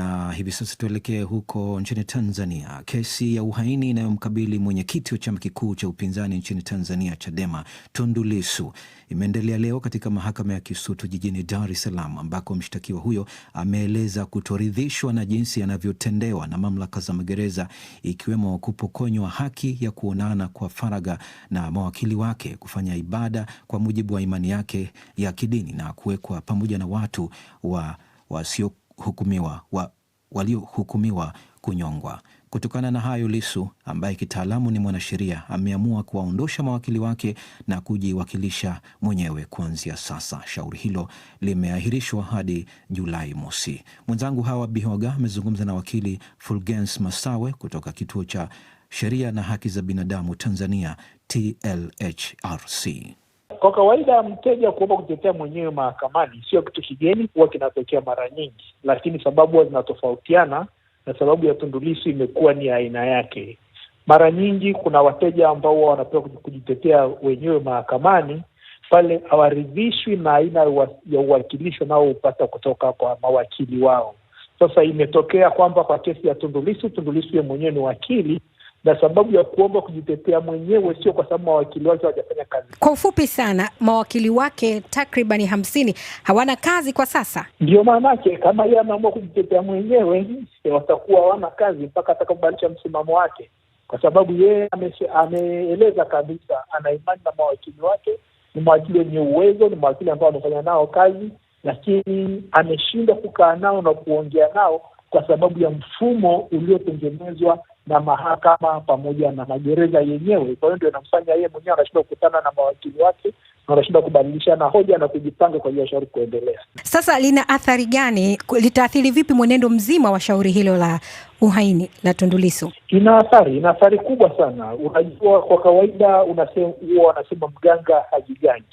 Na hivi sasa tuelekee huko nchini Tanzania. Kesi ya uhaini inayomkabili mwenyekiti wa chama kikuu cha upinzani nchini Tanzania Chadema, Tundu Lissu imeendelea leo katika mahakama ya Kisutu jijini Dar es Salaam, ambako mshtakiwa huyo ameeleza kutoridhishwa na jinsi yanavyotendewa na mamlaka za magereza, ikiwemo kupokonywa haki ya kuonana kwa faraga na mawakili wake, kufanya ibada kwa mujibu wa imani yake ya kidini na kuwekwa pamoja na watu wa wasio waliohukumiwa wa, waliohukumiwa kunyongwa. Kutokana na hayo, lisu ambaye kitaalamu ni mwanasheria ameamua kuwaondosha mawakili wake na kujiwakilisha mwenyewe kuanzia sasa. Shauri hilo limeahirishwa hadi Julai mosi. Mwenzangu Hawa Bihoga amezungumza na wakili Fulgens Masawe kutoka kituo cha sheria na haki za binadamu Tanzania, TLHRC. Kwa kawaida mteja kuomba kujitetea mwenyewe mahakamani sio kitu kigeni, huwa kinatokea mara nyingi, lakini sababu huwa zinatofautiana na sababu ya tundulisu imekuwa ni aina yake. Mara nyingi kuna wateja ambao huwa wanapewa kujitetea wenyewe mahakamani pale hawaridhishwi na aina ya uwakilishi wanaoupata kutoka kwa mawakili wao. Sasa imetokea kwamba kwa kesi ya tundulisu tundulisu ye mwenyewe ni wakili na sababu ya kuomba kujitetea mwenyewe, sio kwa sababu mawakili wake hawajafanya kazi. Kwa ufupi sana, mawakili wake takribani hamsini hawana kazi kwa sasa. Ndio maanake kama yeye ameamua kujitetea mwenyewe, watakuwa hawana kazi mpaka atakapobadilisha msimamo wake, kwa sababu yeye ameeleza kabisa ana imani na mawakili wake. Ni mawakili wenye uwezo, ni mawakili ambao wamefanya nao kazi, lakini ameshindwa kukaa nao na kuongea nao kwa sababu ya mfumo uliotengenezwa na mahakama pamoja na magereza yenyewe. Kwa hiyo ndio inamfanya yeye mwenyewe anashindwa kukutana na mawakili wake na anashindwa kubadilishana hoja na kujipanga kwa ajili ya shauri kuendelea. Sasa lina athari gani? Litaathiri vipi mwenendo mzima wa shauri hilo la uhaini la tundulisu Ina athari, ina athari kubwa sana. Unajua, kwa kawaida unasema, huwa wanasema mganga hajigangi.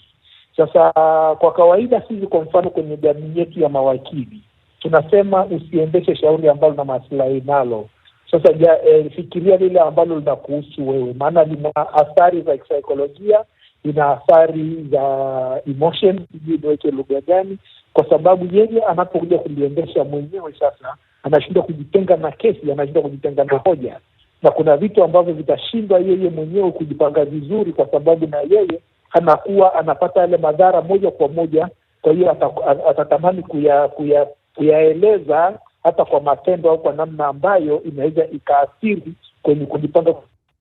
Sasa kwa kawaida sisi, kwa mfano, kwenye jamii yetu ya mawakili tunasema usiendeshe shauri ambalo na maslahi nalo sasa ja, eh, fikiria lile ambalo linakuhusu wewe, maana lina athari za kisaikolojia, ina athari za emotion, sijui niweke lugha gani, kwa sababu yeye anapokuja kuliendesha mwenyewe sasa anashindwa kujitenga na kesi, anashindwa kujitenga na hoja, na kuna vitu ambavyo vitashindwa yeye mwenyewe kujipanga vizuri, kwa sababu na yeye anakuwa anapata yale madhara moja kwa moja. Kwa hiyo atatamani kuya, kuya, kuyaeleza hata kwa matendo au kwa namna ambayo inaweza ikaathiri kwenye kujipanga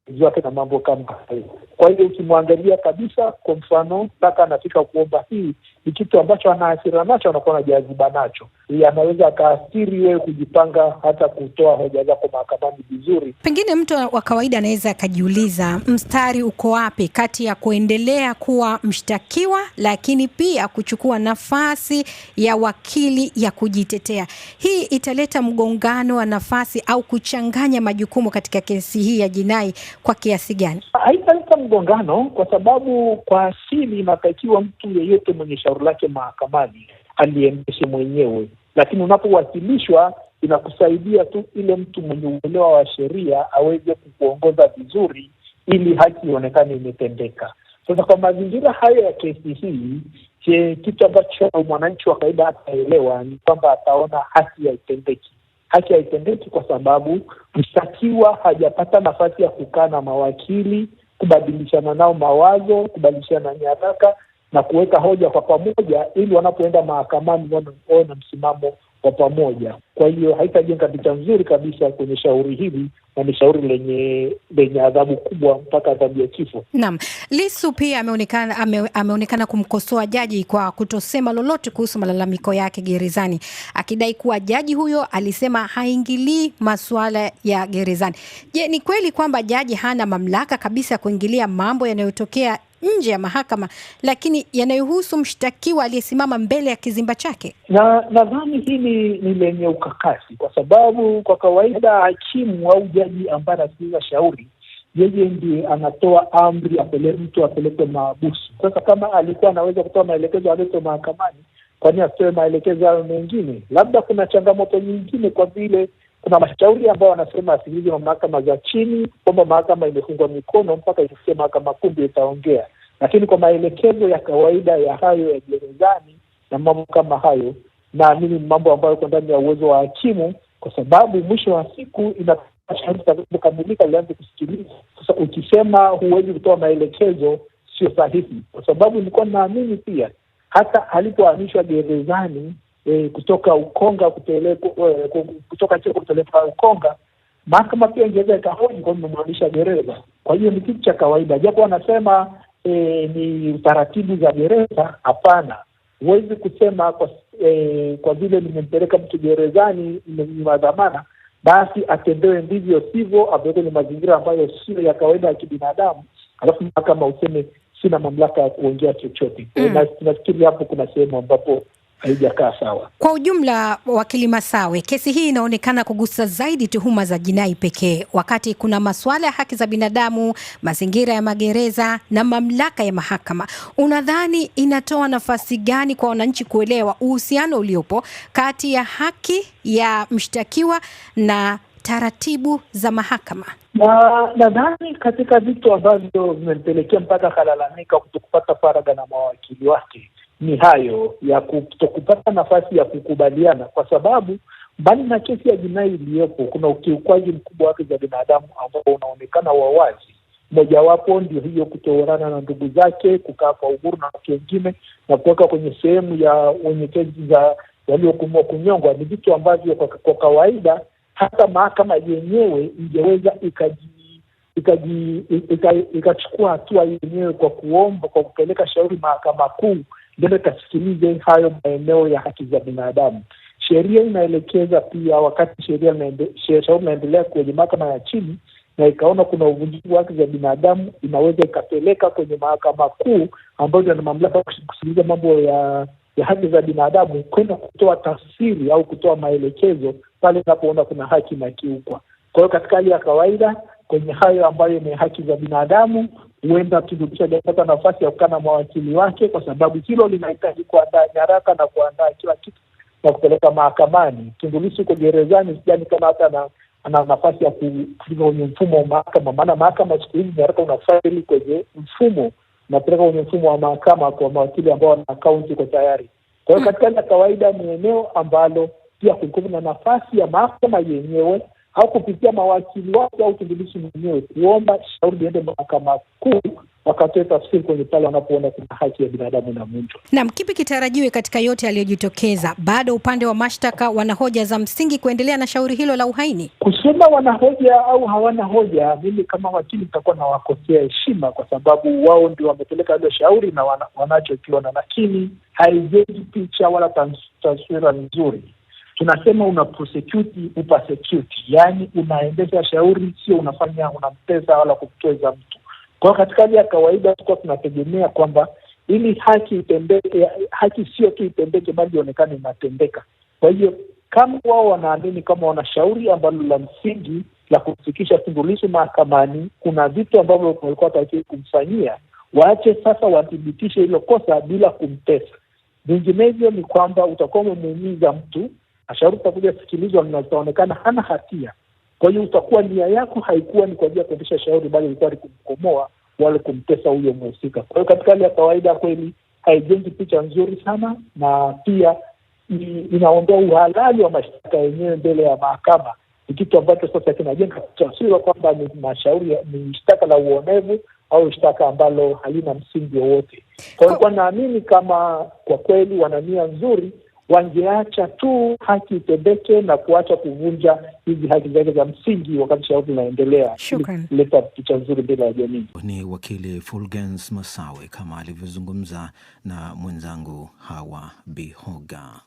zake na mambo kama hayo. Kwa hiyo ukimwangalia kabisa, kwa mfano mpaka anafika kuomba, hii ni kitu ambacho ana nacho, anakuwa na jaziba nacho, anaweza akaathiri wewe kujipanga hata kutoa hoja zako mahakamani vizuri. Pengine mtu wa kawaida anaweza akajiuliza mstari uko wapi kati ya kuendelea kuwa mshtakiwa, lakini pia kuchukua nafasi ya wakili ya kujitetea. Hii italeta mgongano wa nafasi au kuchanganya majukumu katika kesi hii ya jinai kwa kiasi gani? Haitaleta mgongano kwa sababu kwa asili inatakiwa mtu yeyote mwenye shauri lake mahakamani aliendeshe mwenyewe, lakini unapowasilishwa inakusaidia tu ile mtu mwenye uelewa wa sheria aweze kukuongoza vizuri, ili haki ionekane imetendeka. Sasa kwa mazingira hayo ya kesi hii, je, kitu ambacho mwananchi wa kawaida ataelewa ni kwamba ataona haki haitendeki. Haki haitendeki kwa sababu mshtakiwa hajapata nafasi ya kukaa na mawakili, kubadilishana nao mawazo, kubadilishana nyaraka na kuweka hoja kwa pamoja, ili wanapoenda mahakamani wawe na msimamo kwa pamoja. Kwa hiyo haitajenga picha nzuri kabisa kwenye shauri hili, na ni shauri lenye lenye adhabu kubwa mpaka adhabu ya kifo. Naam, Lisu pia ameonekana ame, ameonekana kumkosoa jaji kwa kutosema lolote kuhusu malalamiko yake gerezani, akidai kuwa jaji huyo alisema haingilii masuala ya gerezani. Je, ni kweli kwamba jaji hana mamlaka kabisa ya kuingilia mambo yanayotokea nje ya mahakama, lakini yanayohusu mshtakiwa aliyesimama mbele ya kizimba chake. Na nadhani hili ni lenye ukakasi, kwa sababu kwa kawaida hakimu au jaji ambaye anasikiliza shauri yeye ndiye anatoa amri apele mtu apelekwe maabusu Sasa kama alikuwa anaweza kutoa maelekezo aletwe mahakamani, kwani asitoe maelekezo hayo mengine? Labda kuna changamoto nyingine kwa vile kuna mashauri ambao wanasema asikilize mahakama za chini, kwamba mahakama imefungwa mikono mpaka ifikie mahakama kuu ndio itaongea. Lakini kwa maelekezo ya kawaida ya hayo ya gerezani na mambo kama hayo, naamini ni mambo ambayo iko ndani ya uwezo wa hakimu, kwa sababu mwisho wa siku ina shauri lianze kusikiliza. Sasa ukisema huwezi kutoa maelekezo, sio sahihi, kwa sababu nilikuwa naamini pia hata alipoamishwa gerezani e, kutoka Ukonga kupelekwa e, kutoka Cheko kupelekwa Ukonga, mahakama pia ingeweza ikahoji kwa mmemhamisha gereza. Kwa hiyo ni kitu cha kawaida, japo wanasema e, ni taratibu za gereza. Hapana, huwezi kusema kwa e, kwa vile nimempeleka mtu gerezani nimenyima dhamana basi atendewe ndivyo sivyo, awe kwenye mazingira ambayo sio ya kawaida ya kibinadamu, alafu mahakama useme sina mamlaka ya kuongea chochote. Mm. Nafikiri hapo kuna sehemu ambapo haijakaa sawa. Kwa ujumla, wakili Masawe, kesi hii inaonekana kugusa zaidi tuhuma za jinai pekee, wakati kuna masuala ya haki za binadamu, mazingira ya magereza na mamlaka ya mahakama. Unadhani inatoa nafasi gani kwa wananchi kuelewa uhusiano uliopo kati ya haki ya mshtakiwa na taratibu za mahakama? Na nadhani katika vitu ambavyo vimempelekea mpaka akalalamika kuto kupata faragha na mawakili wake ni hayo ya kutokupata nafasi ya kukubaliana, kwa sababu mbali na kesi ya jinai iliyopo, kuna ukiukwaji mkubwa wake za binadamu ambao unaonekana wa wazi. Mojawapo ndio hiyo kutoorana na ndugu zake, kukaa kwa uhuru na watu wengine, na kuweka kwenye sehemu ya wenye kesi za waliohukumiwa kunyongwa, ni vitu ambavyo kwa, kwa kawaida hata mahakama yenyewe ingeweza ikaji ikachukua hatua yenyewe kwa kuomba kwa kupeleka shauri mahakama kuu Nenda kasikilize hayo maeneo ya haki za binadamu. Sheria inaelekeza pia, wakati sheria shauri inaendelea kwenye mahakama ya chini na ikaona kuna uvunjivu wa haki za binadamu, inaweza ikapeleka kwenye mahakama kuu ambayo ina mamlaka kusikiliza mambo ya ya haki za binadamu kwenda kutoa tafsiri au kutoa maelekezo pale inapoona kuna haki inakiukwa. Kwa hiyo katika hali ya kawaida kwenye hayo ambayo ni haki za binadamu. Huenda Tundu Lissu hajapata nafasi ya kukaa na mawakili wake, kwa sababu hilo linahitaji kuandaa nyaraka na kuandaa kila kitu na kupeleka mahakamani. Tundu Lissu uko gerezani, sijani kama hata na ana nafasi ya kufika kwenye mfumo wa mahakama, maana mahakama siku hizi nyaraka unafaili kwenye mfumo napeleka kwenye mfumo wa mahakama kwa mawakili ambao wana akaunti iko tayari. Kwa hiyo katika hali ya kawaida, ni eneo ambalo pia kulikuwa na nafasi ya mahakama yenyewe au kupitia mawakili wake au kimbilishi mwenyewe kuomba shauri liende mahakama kuu wakatoe tafsiri kwenye pale wanapoona kuna haki ya binadamu na mtu. Naam, kipi kitarajiwe katika yote yaliyojitokeza? Bado upande wa mashtaka wana hoja za msingi kuendelea na shauri hilo la uhaini? Kusema wana hoja au hawana hoja, mimi kama wakili nitakuwa nawakosea heshima, kwa sababu wao ndio wamepeleka hilo shauri na wanachokiona, lakini haijengi picha wala taswira nzuri tunasema una prosecute upasecute, yaani unaendesha shauri, sio unafanya unamteza wala kumteza mtu. Kwa katika hali ya kawaida tulikuwa tunategemea kwamba ili haki itendeke, haki sio tu itendeke, bali ionekane inatendeka. Kwa hiyo kama wao wanaamini kama wana shauri ambalo la msingi la kumfikisha Tundu Lissu mahakamani, kuna vitu ambavyo walikuwa watakiwa kumfanyia, waache sasa wathibitishe hilo kosa bila kumtesa. Vinginevyo ni kwamba utakuwa umemuumiza mtu Ashauri utakuja sikilizwa na utaonekana hana hatia. Kwa hiyo utakuwa nia yako haikuwa ni kwa ajili ya kuendesha shauri, bali ilikuwa ni kumkomoa wale kumtesa huyo mhusika. Kwa hiyo katika hali ya kawaida kweli haijengi picha nzuri sana, na pia inaondoa uhalali wa mashtaka yenyewe mbele ya mahakama. Ni kitu ambacho sasa kinajenga taswira kwamba ni mashauri, ni shtaka la uonevu au shtaka ambalo halina msingi wowote. Kwa hiyo naamini kama kwa kweli wana nia nzuri wangeacha tu haki itendeke na kuacha kuvunja hizi haki zake za msingi wakati shauri linaendelea, kuleta picha nzuri mbele ya jamii. Ni wakili Fulgens Masawe kama alivyozungumza na mwenzangu Hawa Bihoga.